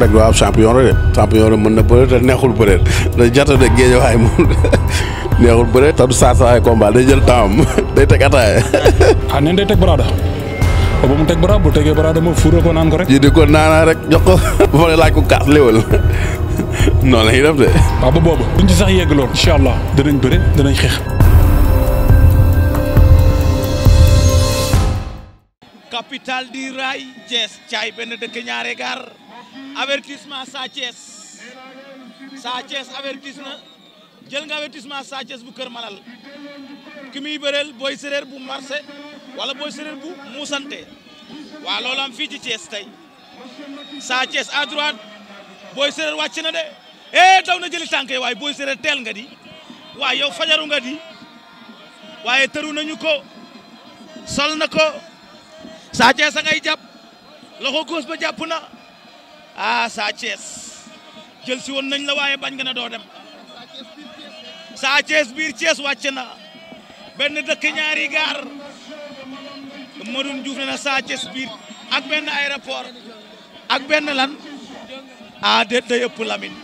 rek waaw champion la de champion la mën na bëre te neexul bëre da jata de géej waaye moom neexul bëre te du saar sa ay combat day jël temps am day teg ataaya. ah neen day teg baraada ba mu teg baraada bu tegee baraada ma fuuree ko naan ko rek. ji di ko naanaa rek jox ko ba laaj ko kaas léwal noonu la ñuy def de. waaw ah, ba boobu duñ ci sax yegg lool incha allah danañ bëre danañ xeex. avertissement Sa Thiès Sa Thiès jël nga avertissement Sa bu Kër Malal ki muy bëreel booy séréer bu marché wala booy séréer bu muusante waa loolu am fii ci tey Sa Thiès à droite booy séréer wàcc na de eh daw na jëli tànk waaye booy séréer teel nga di waaye yow fajaru nga di waaye tëru nañu ko sol na ko Sa Thiès a loxo góos ba jàpp na ah Sa Thiès jël si woon nañ la waaye bañ nga ne doo dem Sa Thiès biir Thiès wàcc na benn dëkk ñaari gaar Madoune Diouf ne na Sa Thiès biir ak benn aéroport ak benn lan a ah, déet da yëpp Lamine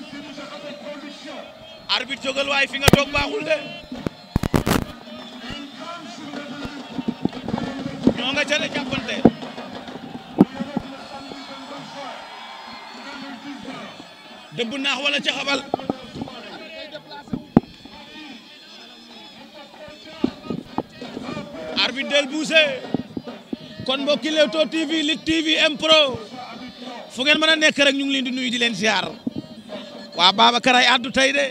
arbitre jógal waaye fi nga toog baaxul de ñoo nga ca de dëbb naax walla ca xabal arbitre del buuse kon mbokki Leewtoo TV Lutte TV M Pro fu ngeen mën a nekk rek ñu ngi leen di nuyu di leen ziar waa Babacar ay addu tey de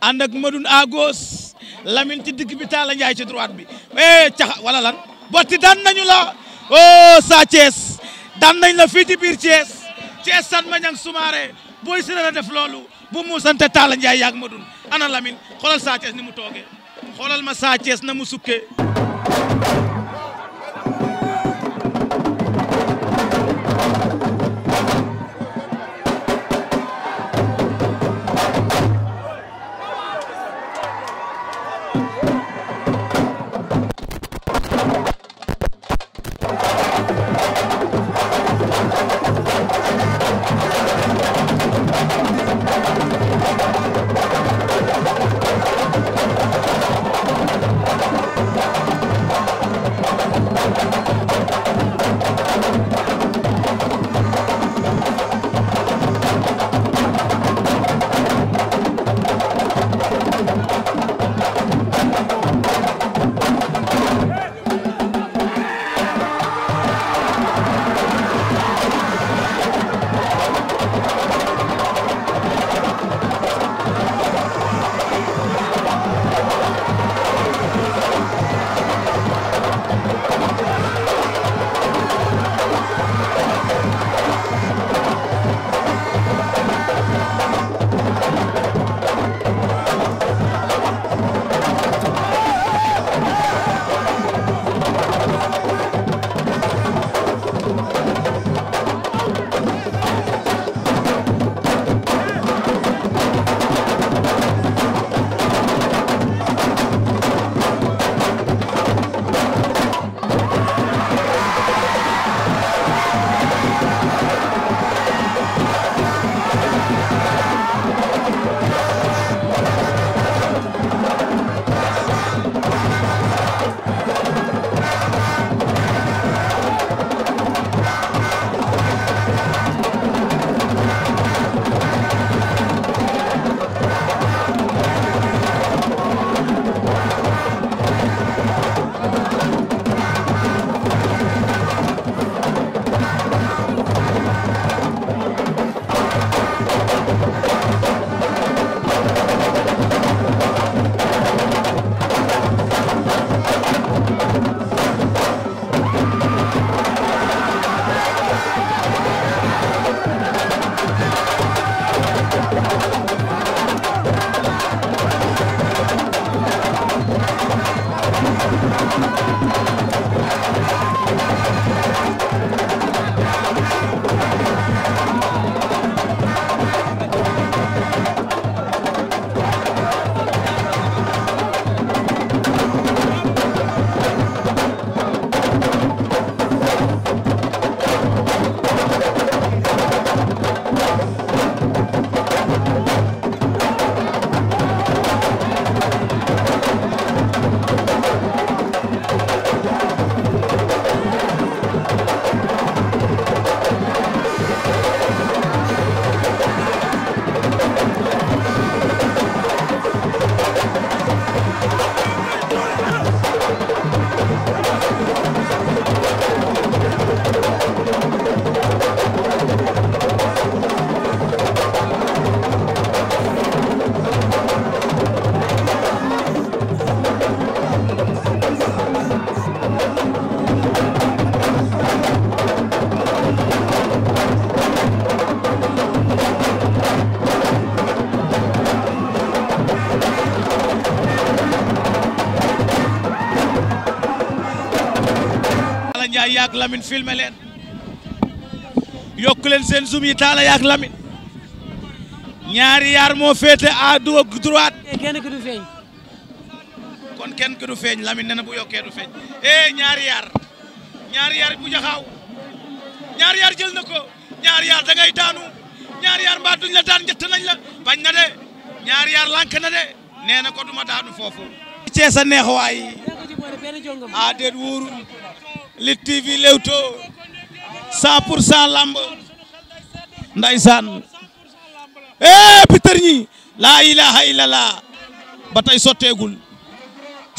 ànd ak Madoune à gauche ci digg bi Talla Ndiaye ci droite bi eh caxa wala lan botti daan nañu la oh sa Thiès daan nañ la fii ci biir Thiès Thiès Sane Maniang Soumaré booy si la def loolu bu mu sante Talla Ndiaye yàgg ma dun ana Lamine xoolal Sa Thiès ni mu toogee xoolal ma Sa Thiès na mu sukkee Lamine filmer seen zoom yi Talla yaak Lamine ñaari moo féete à droite. Eh, kenn ki du feeñ. kon kenn ki du feeñ Lamine nee bu yokkee du feeñ eh ñaari yaar bu jaxaaw ñaari jël na ko ñaari yaar da ngay daanu ñaari yaar mbaa duñ la daan njëtt nañ la bañ na de ñaari yaar na de nee ko duma daanu foofu. ceesa neex waay. ah déet wuuru Lutte TV Leewtoo 100 pour 100 lamb ndaysaan eh Peter ñi laa ilaha illallah ba sotteegul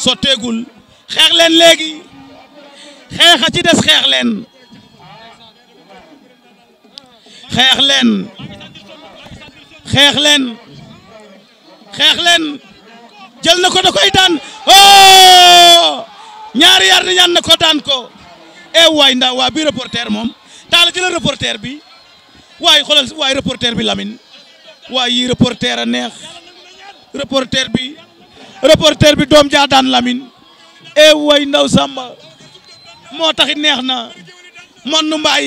sotteegul xeex leen léegi xeex a ci des xeex leen xeex leen xeex leen leen jël na ko da koy daan oh ñaari yar ni ñaan na ko daan ko e waay ndaa waa bi reporter moom taal jëlal reporter bi waay xoolal waay reporter bi Lamine waay yi reporter a neex reporter bi reporter bi doom jaa daan lamin e eh, waay ndaw Samba moo taxit neex na mon nu mbaay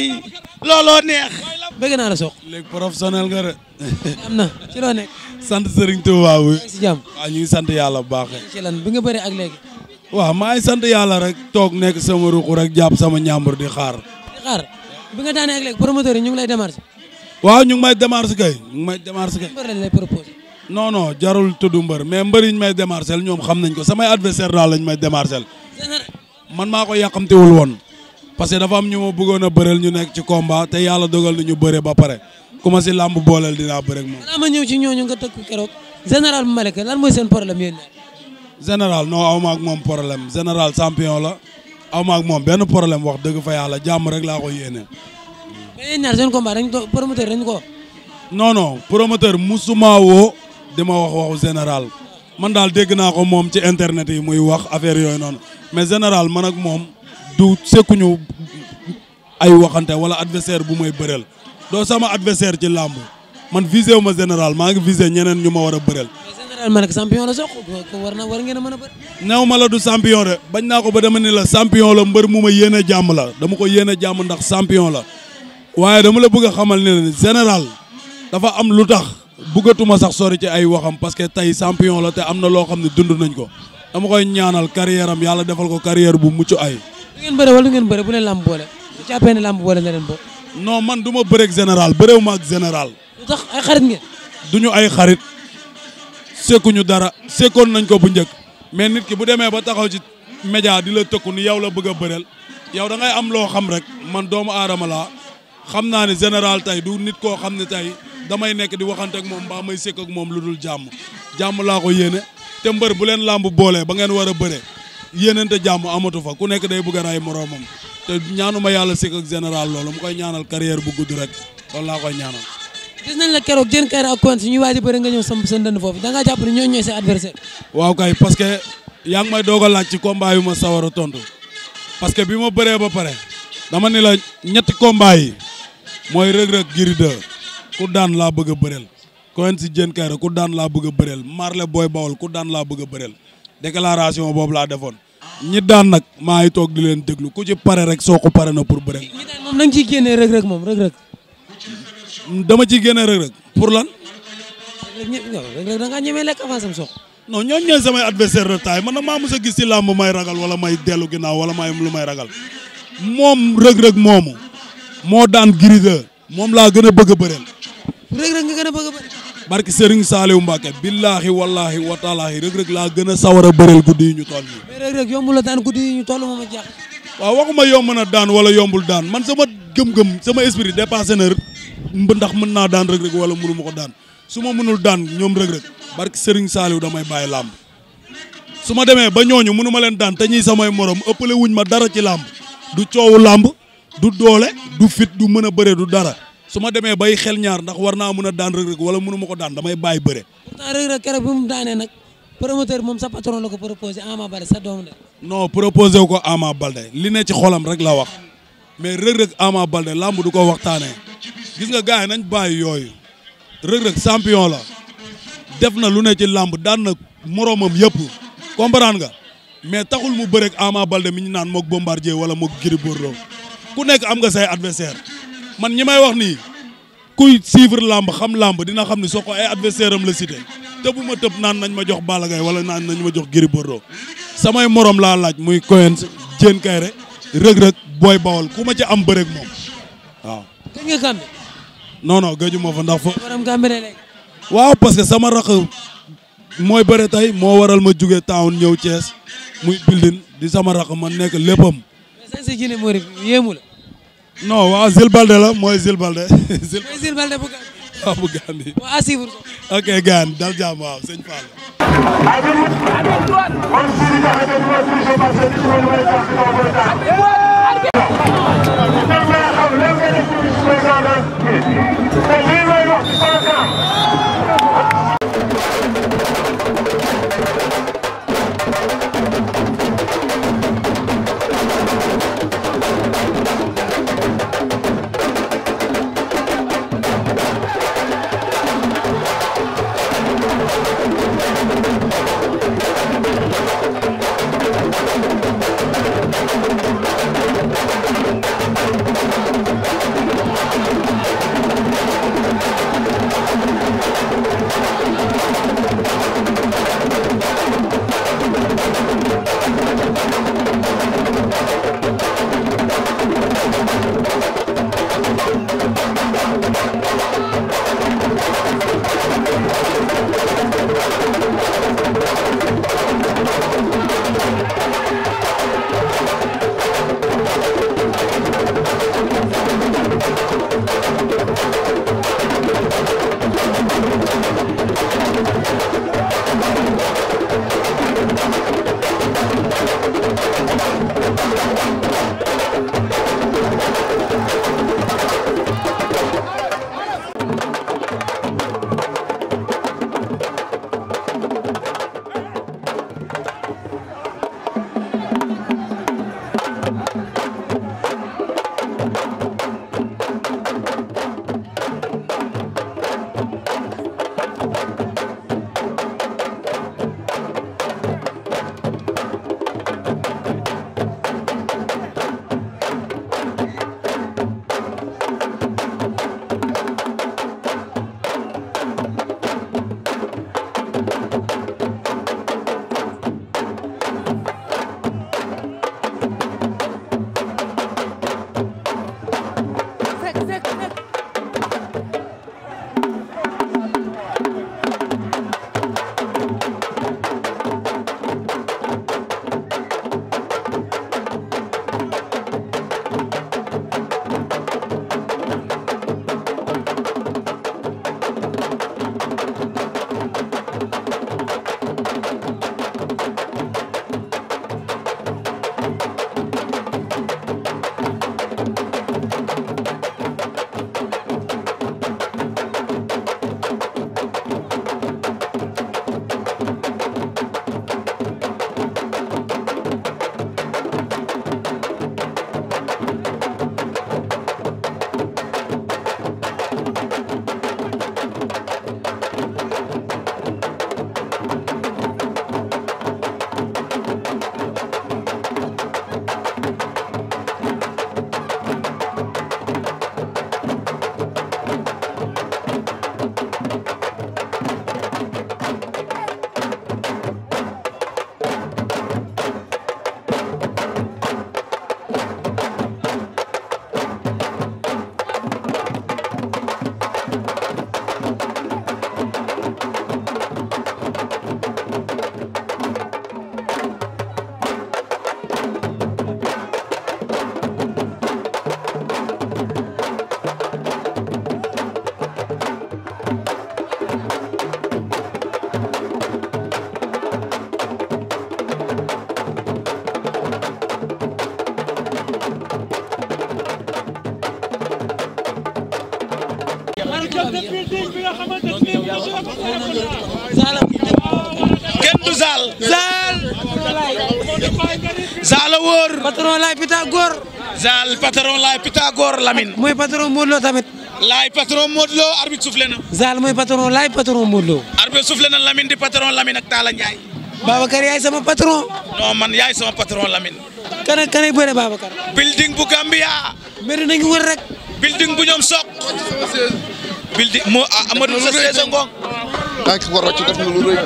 looloo neex bëgg naa la sox léegi professionnel nga de am na ci loo nekk sant Serigne Touba bu si waa waaw sant yàlla bu baax ci lan bi nga bëri ak léegi waaw maa ngi sant yàlla rek toog nekk sama ruq rek jàpp sama ñàmbur di xaar. di xaar bi nga daanee ak léegi promoteur yi ñu ngi lay démarché. waaw ñu ngi may démarché kay ñu may démarché kay. mbër lañ lay proposé. jarul tudd mbër mais mbër yi ñu may démarché ñoom xam nañ ko samay adversaire daal lañ may démarché. man maa ko yàqamtiwul woon. parce que dafa am ñu ma bëggoon a bëreel ñu nekk ci combat te yàlla dogal na ñu bëre ba pare ku ma si làmb booleel dinaa bëre moom. balaa ma ñëw ci ñooñu nga tëkk keroog général Malika lan mooy seen problème yéen général non aw ma ak moom problème général champion la aw ma moom benn problème wax dëgg fa yàlla jàmm rek laa koy yéene. mais yéen ñaar seen combat dañ ko promoteur dañ ko. non non promoteur musuma woo ma wax waxu général man daal dégg naa ko moom ci internet yi muy wax affaire yooyu noonu mais général man ak moom du sekkuñu ay waxante wala adversaire bu may bëreel doo sama adversaire ci làmb man visé wu ma général maa ngi visé ñeneen ñu ma war a bëreel. ma a mën a bëri. néew ma la du champion de bañ naa ko ba dama la champion la mbër mu ma yéene jàmm la dama ko yéene jàmm ndax champion la waaye dama la bëgg a xamal ne général dafa am lu tax bëggatuma sax sori ci ay waxam parce que tey champion la te am na loo xam ne dund nañ ko dama koy ñaanal carrière yàlla defal ko carrière bu mucc ay. du ngeen bëre wala du ngeen bëre bu leen làmb boole bu caappee ne làmb boole na leen bo non man du ma général bëreew ma général. lu tax ay xarit ngeen. duñu ay xarit. sekkuñu dara sekkoon nañ ko bu njëkk mais nit ki bu demee ba taxaw ci média di la tëkku ni yow la bëgg a bëreel yow dangay am loo xam rek man doomu aadama la xam naa ne général tey du nit koo xam ne tey damay nekk di waxante ak moom mbaa may sekk ak moom lu dul jàmm jàmm laa ko yéene te mbër bu leen làmb boolee ba ngeen war a bëre yéenante jàmm amatu fa ku nekk day bëgg a ray moroomam te ñaanuma yàlla sekk ak général loolu mu koy ñaanal carrière bu gudd rek loolu laa koy gis nañ la keroog jën kayra ak konti ñuy waaj a bëri nga ñëw samp seen dënd foofu da ngaa jàpp ne ñoo ñooy sa adversaire waaw kay parce que yaa ngi may doog a laaj ci combat yu ma sawar a tontu parce que bi ma bëree ba pare dama ni la ñetti combat yi mooy rëg-rëg giri de daan laa bëgg a bëreel Quench Diène Kaïré ku daan laa bëgg a maar Marley booy Bawol ku daan laa bëgg a bëreel déclaration boobu laa defoon ñi daan nag maa ngi toog di leen déglu ku ci pare rek soo ko pare na pour bëreel. ñi daan ciy génnee rëg-rëg moom rëg-rëg dama ciy génne Reug Reug pour lan. Reug Reug da ngaa ñemee lekk avance am sox. non ñooñu ñooy samay adversaire de taille man nag maa mos a gis ci làmb may ragal wala may dellu ginnaaw wala may lu may ragal moom Reug Reug moomu moo daan grideur moom laa gën a bëgg a bëreel. Reug Reug nga gën a bëgg a bëreel. barki Serigne Saliou Mbacke billaahi wallaahi wataalaahi Reug Reug laa gën a sawara a bëreel guddi yi ñu toll nii. mais Reug Reug yombul la daan guddi yi ñu toll moom a jaax. waaw waxuma yomb daan wala yombul daan man sama gëm-gëm sama esprit dépassé na mba ndax mën naa daan rëg-rëg wala mënuma ko daan su ma mënul daan ñoom rëg-rëg barki Serigne Saliou damay bàyyi làmb su ma demee ba ñooñu mënu ma leen daan te ñuy samay morom ëppale wuñ ma dara ci làmb du coowu làmb du doole du fit du mën a bëre du dara su ma demee bay xel ñaar ndax war naa mën a daan rëg-rëg wala mënuma ko daan damay bàyyi bëre pourtant rëg mu daanee nag promoteur moom sa patron la ko proposé Ama Balde sa doom la non proposé wu ko Ama Balde li ne ci xolam rek la wax mais rëg-rëg Ama làmb du ko waxtaanee gis nga gars nañ bàyyi yooyu Reug Reug champion la def na lu ne ci làmb daan na moroomam yëpp comprendre nga mais taxul mu bëreeg Ama Balde mi ñu naan moog Bombardier wala moog Gris Bordeaux ku nekk am nga say adversaire man ñi may wax nii kuy suivre làmb xam làmb dina xam ni soo ko ay adversaire am la cité tëbu ma tëb naan nañ ma jox Balla Gaye wala naan nañ ma jox Gris Bordeaux samay moroom laa laaj muy Coyens Diène Kairé Reug Reug Boy Bawol ku ma ci am bëreeg moom non non gëju ma waaw parce que sama rakk mooy bëre tey moo waral ma jugee town ñëw Thiès muy bildin di sama rakk man nekk léppam. yéemu la. non waaw Zil mooy Zil Balde. Zil Balde ok gaan dal waaw sëñ Fall. l'organisme du président de la République. C'est lui-même, Pythagore. patron laay Pythagore. Zal mooy patron Modou Lo tamit. laay patron Modou Lo arbitre soufflé na. Zal mooy patron laay patron Modou Lo. arbitre soufflé na Lamine di patron Lamine ak Talla Ndiaye. Babacar yaay sama patron. non yaay sama patron Lamine. kan ak kan ay bu Gambia. mbir nañu rek. building bu ñoom soq. building moo ah, Amadou war a wàcc def na lu rëy.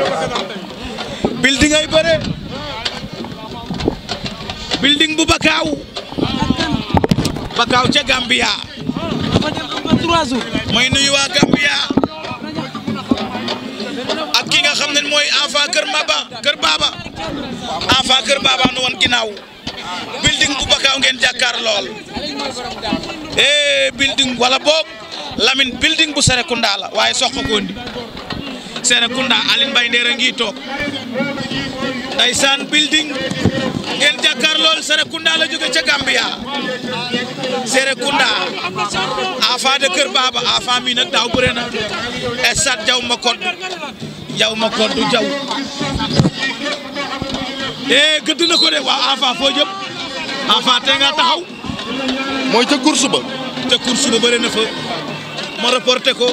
building ay bëre. building bu Bakaaw. Bakaaw ca Gambia. may nuyu waa Gambia. ak ki nga xam mooy Afa Kër Baba Afa Kër Baba nu woon ginnaaw. building bu Bakaaw ngeen jàkkaar lool. eh building wala boog Lamine building bu Serekunda la waaye sox ko ndi Serekunda Aline Mbaye Nder a ngi toog. Ndeysaan ngeen lool la jóge ca Gambia Serekunda Afa de Kër Baba Afa mi daaw bëre na esat jaw jaw ma kodd jaw eh gëdd ko de waaw Afa foo jëm Afa te nga mooy ca course ba te course ba bëre na fa ma reporté ko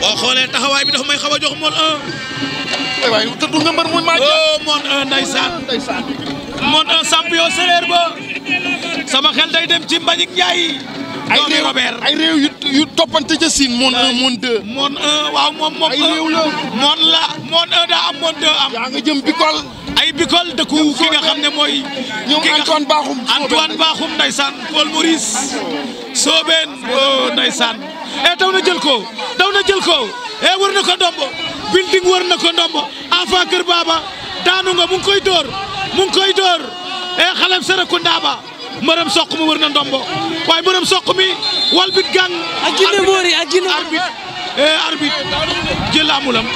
boo xoolee taxawaay bi dafa may xaw jox mool 1 waaye a nga mbër a maa oh mon un mon un champion ba sama xel day dem ci Mbagnick Ndiaye ay réew Robert ay réew yu yu toppante ca Sine mon un mon deux mon un waaw moom moom ay réew la mon la mon un daa am mon deux am yaa nga jëm Bikol ay Bikol dëkku ki nga xam ne mooy ñoom Antoine Bakhoum Antoine Bakhoum ndeysaan Paul Maurice Sobène o oh, ndeysaan e daw na jël ko daw na jël ko e wër na ko dombo building wër na ko ndombo Afa Kër Baba daanu nga mu ngi koy dóor mu ngi koy dóor e xalem Serekunda ba mbërëm soq mi wër na ndombo waaye mbërëm soq mi wal bit gang ak ginne moori ak ginne arbitre e, arbitre jël amulam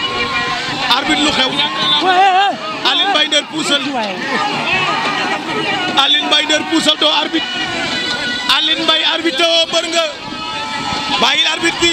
arbitre lu xew Aline Mbaye Nder puusal Aline Mbaye Nder puusal doo arbitre Aline Mbaye arbitre woo mbër nga bàyyil arbitre bi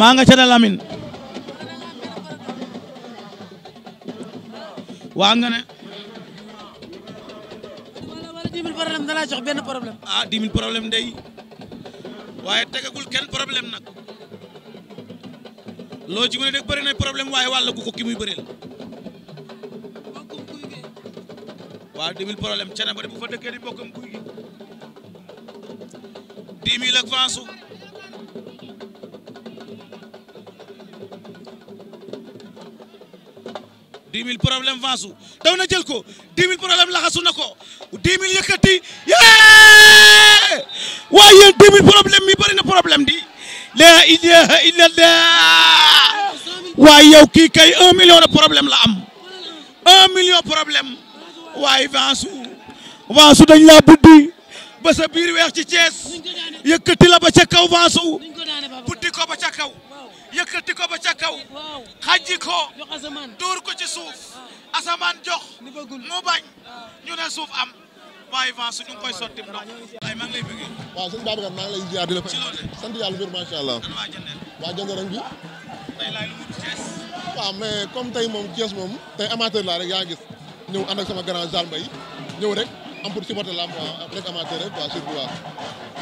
maa nga ca da waa nga ne ah, dix mille benn problème ah dix problème day waaye tegagul kenn problème nag loo ci mën a dégg bëri problème waaye wàlla gu ko ki muy bëreel waaw problème cene de bu fa dëkkee di bokkam guy gi dix dix mille problème vaasu daw na jël ko dix mille problème laxasu na ko dix mille yee waaye yéen problème mi bëri na problème di la ilaha illallah waaye yow kii kay million de problème la am million problème waaye vaasu vaasu dañ laa buddi ba sa biir weex ci Thiès yëkkati la ba ca kaw vaasu buddi ko ba ca yëkkati ko ba ca kaw xajji ko dóor ko ci suuf asamaan jox mu bañ ñu ne suuf am waaye vent su ngi koy sotti ndox waaye maa ngi lay bëggee waaw lay ziar di sant yàlla biir macha allah waa jëndoran bi tey mais comme tey moom Thiès moom tey amateur laa rek yaa gis ñëw ànd ak sama grand Zal Mbaye ñëw rek am pour supporter la am rek amateur rek quoi surtout waaw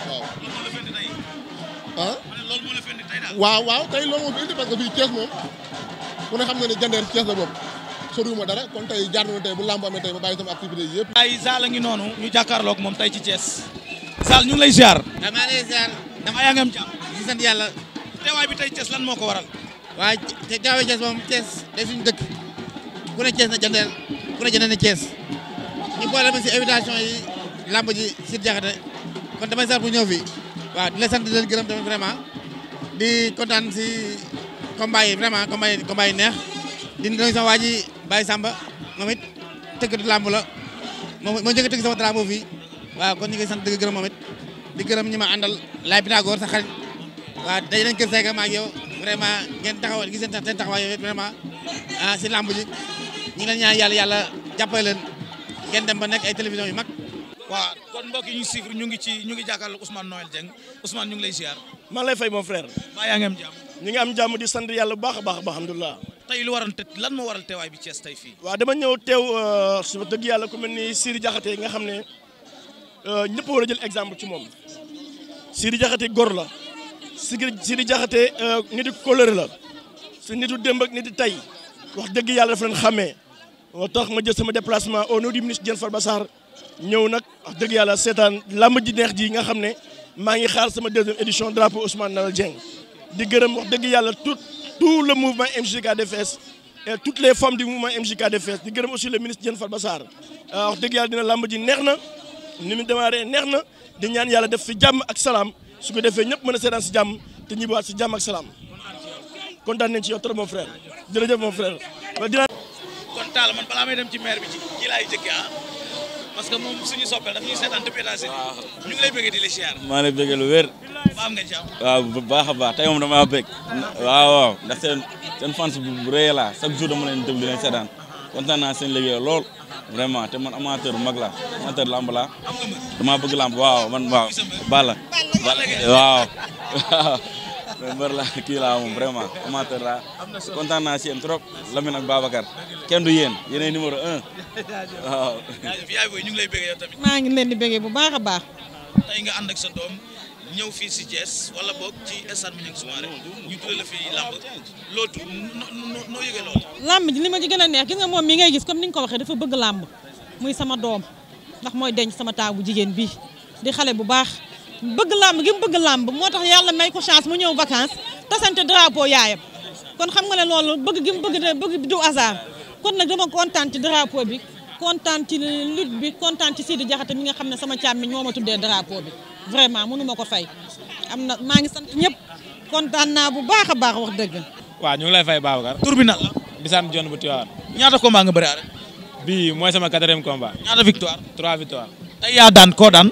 waaw Ah? waaw waaw tey loolu moo fi indi parce que fii moom ku ne xam na ne jandeen Thiès la boobu soriwuma dara kon tey jaar na tey bu làmb amee tey ma bàyyi sama activité yi yëpp. a ngi noonu ñu jàkkaarloog moom tey ci Thiès. Zal ñu ngi lay ziar. damaa lay ziar. damaa yaa ngi am jàmm. di sant yàlla. teewaay bi tey Thiès lan moo ko waral. waaye te a Thiès moom Thiès day suñu dëkk ku ne Thiès na jandeel ku ne jandeel na cees ñu boole ma si invitation yi làmb ji si jaxate kon damay sar bu ñëw waaw di la sant di gërëm tamit vraiment di kontaan si combat yi vraiment combat yi combat neex di nuyu sama waa ji Baye Samba moom it tëggatu la moom moo njëkk a tëgg sama drapeau fii waaw kon ñu ngi sant di gërëm moom it di gërëm ñi ma àndal laay Pythagore sa xarit waaw daje nañ kër Seyka ma ak yow vraiment ngeen taxaw gis seen seen taxawaay yow it vraiment ah si làmb ji ñu yàlla yàlla jàppale leen ngeen dem ba nekk ay télévision yu mag waaw kon mbokk yi ñu suivre ñu ngi ci ñu ngi jàkkaarloo Ousmane Noël Dieng Ousmane ñu ngi lay ziar. maa lay fay mon frère. waa yaa ngi am ngi am jàmm di sant yàlla bu baax a baax alhamdulilah. tey lu waral lan moo waral teewaay bi Thiès tey fii. waaw dama ñëw teew euh, su dëgg yàlla ko mel ni Siri jaxate nga xam ne euh, ñëpp war a jël exemple ci moom Siri Diakhaté gor la Siri Siri Diakhaté euh, nitu couleur la su nitu démb ak nitu tey wax dëgg yàlla daf leen xàmmee moo tax ma jël sama déplacement au nom du ministre Diène Farba Sarr ñëw nag wax dëgg yàlla seetaan làmb ji neex ji nga xam ne maa ngi xaar sama deuxième édition drapeau Ousmane Nalla Dieng di gërëm wax dëgg yàlla tout tout le mouvement MJKDFS et toutes les femmes du mouvement MJKDFS di gërëm aussi le ministre Diène Farba Sarr euh, wax dëgg yàlla dina làmb ji neex na ni mu démarré neex na di ñaan yàlla def si jàmm ak salaam su ko defee ñëpp mën a seetaan si jàmm te ñibbaat si jàmm ak salaam kontaan nañ ci yow trop mon frère jërëjëf mon frère. kon Talla man ci maire bi ci parce que moom suñu soppeel daf ñuy seetaan waaw bu baax a baax tey moom damaa bëgg. waaw waaw ndax seen fans bu rëy laa chaque jour dama leen déglu di leen seetaan kontaan naa lool. vraiment te man amateur mag la amateur lamb la damaa bëgg lamb waaw man waaw. waaw. mais mbër la kii laa moom la kontaan naa si yéen trop Lamine ak Babacar kenn du yéen yéenay numéro un waaw. yaay ñu ngi lay bëggee maa ngi leen di bëggee bu baax a baax. tey nga ànd sa doom ñëw fii si Thiès wala boog ci làmb loolu tudd noo noo yëgee ji li ma ci gën a neex gis nga moom mi ngay gis comme ni nga ko waxee dafa bëgg làmb muy sama doom ndax mooy denc sama taaw jigéen bi di xale bu baax. bëgg làmb gi mu bëgg làmb moo tax yàlla may ko chance mu ñëw vacances tasante drapeau yaayam kon xam nga ne loolu bëgg gi mu bëgg bëgg du hasard kon nag dama kontaan ci drapeau bi kontaan ci lutte bi kontaan ci Sidi Diakhaté mi nga xam ne sama càmmiñ moo ma tuddee drapeau bi vraiment mënu ma ko fay am na maa ngi sant ñëpp kontaan naa bu baax a baax wax dëgg. waaw ñu ngi lay fay Babacar. tur bi nan la. Bisane John bu Tivaouane. ñaata maa nga bëri arrêté. bii mooy sama quatrième combat. ñaata victoire. trois victoire. tey yaa daan koo daan.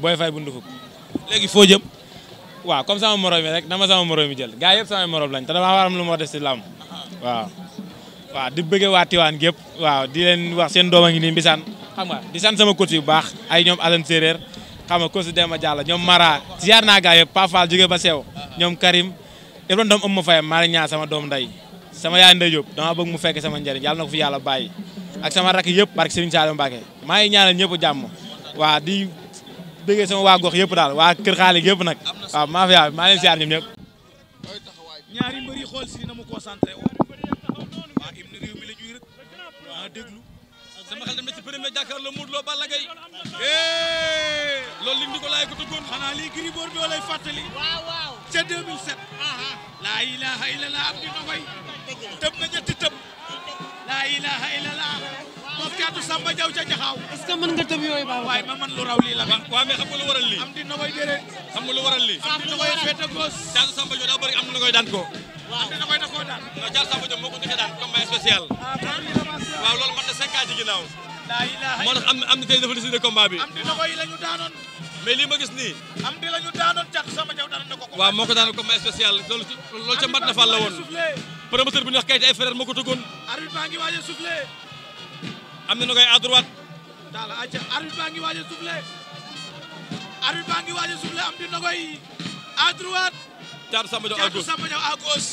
Boy Faye bu Ndufuk. léegi foo jëm. waaw comme sama morom yi rek dama sama morom yi jël gars yëpp sama morom lañ te damaa war am lu ma des si làmb waaw. waaw di bëggee waa Tiwaan gépp waaw di leen wax seen doom a ngi nii mbisaan xam di sant sama coach yu baax ay ñoom Alane Séréer xam nga coach Demba Diallo ñoom Mara ziar naa gars yëpp Pa Fall ba ñoom Karim yëpp doon doom ma fayam maa ñaa sama doom nday sama yaay nday Diop dama mu fekk sama njëriñ yàlla na ko fi sama rakk yëpp barke Serigne Saliou jàmm waa di bëggee sama waa gox yëpp daal waa kër xaalis yëpp nag waaw mafia bi maa leen siyaar ñoom ñëpp ñaari mbër yi si na mu concentré woo waa Ibn Réew mi la ñuy rëkk waa déglu sama xel tamit ci premier jàkkaarloo Modou Lo Balla Gaye loolu li ñu ko laay ko tëggoon xanaa lii Gris Bordeaux lay fàttali waaw ilaha illallah am di na na ñetti tëb laa ilaha illallah moof caatu Samba Jaw ca Jaxaaw est-ce que mën nga tëb yooyu baax waaw mais xam na koy déedéet xam na koy fete gos na koy daan moo ah, na cinq ans moo na tey dafa waaw moo ko daan combat spécial loolu loolu ca mbat na fàl la woon bu ñu wax kayit ay frère moo ko tëggoon arbitre baa ngi waaj a am na nu koy à droite. daal a a soufflé am na koy à droite. Samba Diaw à gauche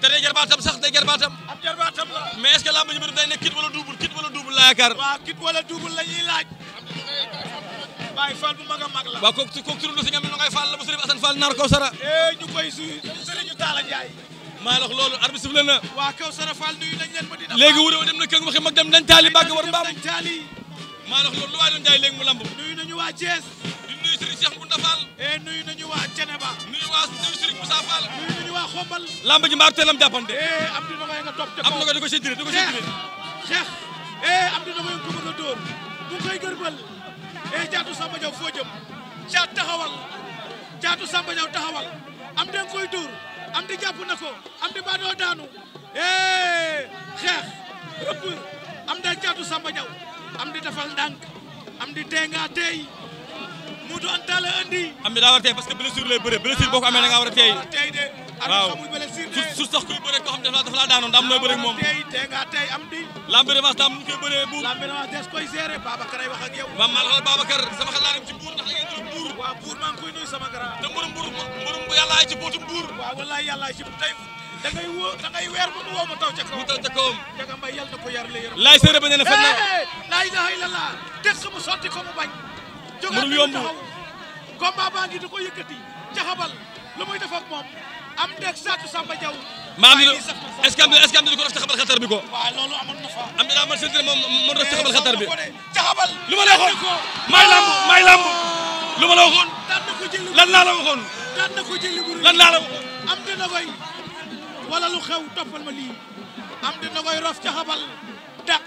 Thiatou jarbaatam sax day jarbaatam. ab jarbaatam la. mais est-ce que làmb ji bi day nekk kit wala double kit wala double laa yaakaar. waaw la ñuy laaj. waaye Fall a la. bu Serigne Assane Fall nar ko sara. Eh, ñu koy suy Serigne Talla Ndiaye. maa la wax loolu arbi sif la na waa kaw Sara Fall nuyu nañ leen ma dina léegi wuré wa dem na këng waxi mag dem dañ taali bàgg war mbaam maa la wax loolu lu waay doon nuyu nañu waa Thiès nuyu Serigne Cheikh Mounda Fall e, nuyu nañu waa Ceneba nuyu waa nuyu Serigne Moussa Fall nuyu nañu waa Xombal lamb ji mbaa teelam jàppante am di na koy nga topp ca am na ko di ko séddire di ko séddire xeex am di na koy ko bëgg a dóor mu koy gërbal e jaatu Samba Diaw foo jaatu Samba Diaw taxawal am den koy dóor am di jàpp na ko am di baadoo daanu eh xeex rëbb am da jaatu Samba Diaw am di defal ndànk am di teengaa teey mu doon tala andi. am di daa war a teey parce que blessure lay bëree blessure boo ko amee da war a teey. teey de waaw su sax kuy bëree koo xam ne dafa laa daanoon daam looy bëree moom. teey teengaa teey am di. lambe daam mu koy bëree bu. lambe revanche des koy gérer Babacar ay wax ak yow. maam maa la Babacar sama xel laa dem ci buur ndax da ngeen waaw buur maa ngi koy nuyu sama grand. te mbërum mbërum mbërum yàllaa ci bootu buur. waaw walaay yàllaa ci tey da ngay woo da ngay weer mu woo mu taw ca kawam mu taw ca kawam. jaga mbay yàlla na ko yar la yërëm. laay séeréer ba nee na fenn. laa ilaha illallah dëkk mu sotti ko mu bañ. mënul yomb jóge combat baa ngi di ko yëkkati jaxabal lu muy def ak moom am ndeg saatu Samba Diaw. maa ngi est-ce que am est-ce que am na ko def jaxabal xatar bi ko. waaw loolu amoon na fa. am na daa mën seen moom mën def jaxabal eh, xatar bi. jaxabal lu ma lay xool may lamb may lamb. lu ma la waxoon. lan na la waxoon. am dina koy wala lu xew toppal ma lii am dina koy rof ca xabal dàq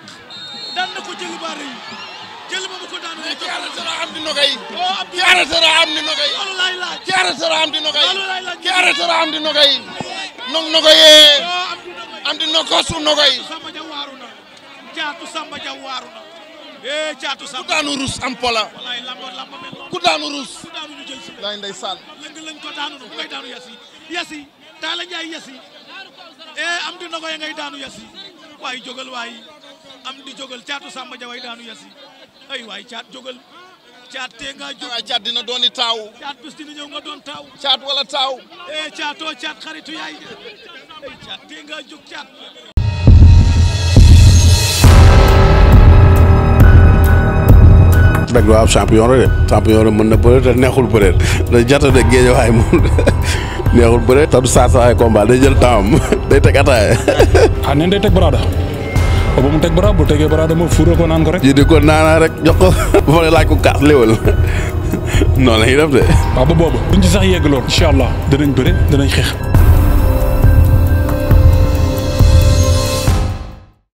daan na ko jëli baare yi jëli mu ko daan waaye jaara sara am dina koy. oh am dina am dina koy. loolu laay laaj am dina koy. loolu laay laaj am dina koy. noog na am dina koy am Eh, ku daanu rus am pola ku daanu rus daanu nu ku ngay daanu yasi yasi daa ee eh, am di nogoy ngay daanu yasi waay jógal waay am di jógal caatu sàmba ja way daanu yasi ay waay caat jógal caat tee nga jóg waaye nga doon taaw caat wala taaw ee eh, caatoo caat caat tee nga jóg caat bi waaw champion la de champion la mën na bëre te neexul bëre da jata da géej waaye moom neexul bëre te du saa saa ay combat day jël temps day teg ataaya. ah neen day teg baraada ba mu teg baraada bu tegee baraada moo fuure ko naan ko rek. ji di ko naanaa rek jox ko ba pare laaj ko kaas léwal noonu la ñuy de. waaw ba boobu. duñ ci sax yegg lool. incha allah danañ bëre danañ xeex.